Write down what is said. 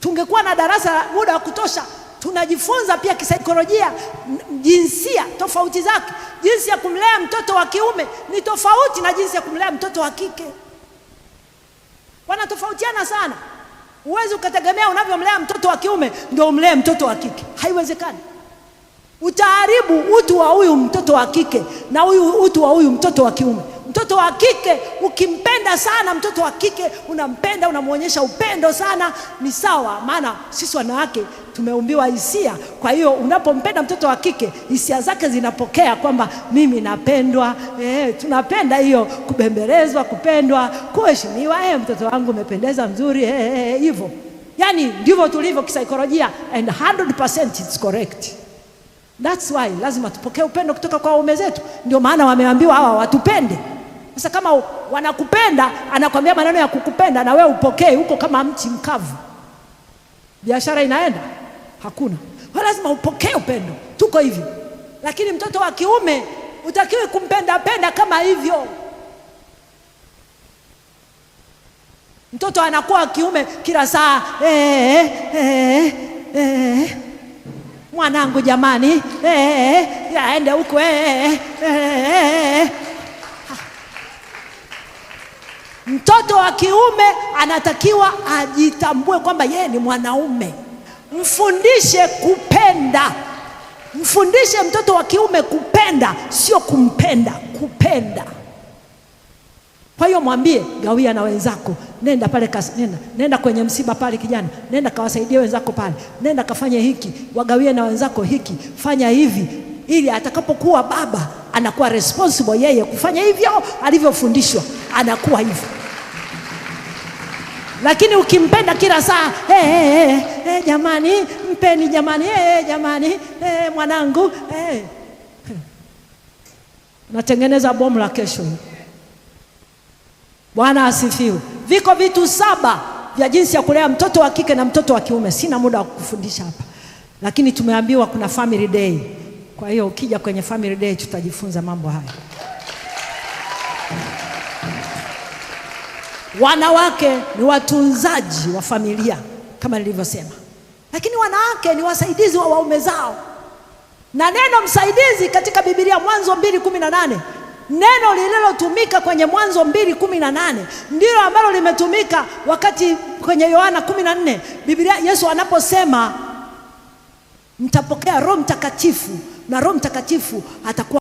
Tungekuwa na darasa la muda wa kutosha, tunajifunza pia kisaikolojia, jinsia tofauti zake. Jinsi ya kumlea mtoto wa kiume ni tofauti na jinsi ya kumlea mtoto wa kike, wanatofautiana sana. Huwezi ukategemea unavyomlea mtoto wa kiume ndio umlee mtoto wa kike, haiwezekani. Utaharibu utu wa huyu mtoto wa kike na huyu utu wa huyu mtoto wa kiume. Mtoto wa kike ukimpenda sana, mtoto wa kike unampenda, unamwonyesha upendo sana, ni sawa, maana sisi wanawake tumeumbiwa hisia. Kwa hiyo unapompenda mtoto wa kike, hisia zake zinapokea kwamba mimi napendwa. Eh, tunapenda hiyo kubembelezwa, kupendwa, kuheshimiwa. Eh, mtoto wangu umependeza, mzuri hivyo. Eh, eh, eh yani ndivyo tulivyo kisaikolojia, and 100% it's correct. That's why lazima tupokee upendo kutoka kwa waume zetu. Ndio maana wameambiwa hawa watupende. Sasa kama wanakupenda, anakwambia maneno ya kukupenda na wewe upokee, huko kama mti mkavu, biashara inaenda hakuna. Lazima upokee upendo, tuko hivyo. Lakini mtoto wa kiume utakiwe kumpenda penda kama hivyo. Mtoto anakuwa kiume kila saa eh, eh, eh. eh, eh, eh. Mwanangu jamani, eh, aende huko eh, eh. Mtoto wa kiume anatakiwa ajitambue kwamba yeye ni mwanaume. Mfundishe kupenda, mfundishe mtoto wa kiume kupenda, sio kumpenda, kupenda. Kwa hiyo mwambie, gawia na wenzako, nenda pale kas, nenda, nenda kwenye msiba pale, kijana, nenda kawasaidie wenzako pale, nenda kafanya hiki, wagawie na wenzako hiki, fanya hivi, ili atakapokuwa baba anakuwa responsible yeye kufanya hivyo alivyofundishwa, anakuwa hivyo. Lakini ukimpenda kila saa hey, hey, hey, hey, jamani mpeni jamani hey, jamani hey, mwanangu hey. Natengeneza bomu la kesho. Bwana asifiwe. Viko vitu saba vya jinsi ya kulea mtoto wa kike na mtoto wa kiume. Sina muda wa kufundisha hapa, lakini tumeambiwa kuna family day. Kwa hiyo ukija kwenye family day tutajifunza mambo haya. Wanawake ni watunzaji wa familia kama nilivyosema, lakini wanawake ni wasaidizi wa waume zao, na neno msaidizi katika Biblia Mwanzo mbili kumi na nane neno lililotumika kwenye Mwanzo mbili kumi na nane ndilo ambalo limetumika wakati kwenye Yohana kumi na nne Biblia Yesu anaposema mtapokea Roho Mtakatifu na Roho Mtakatifu atakuwa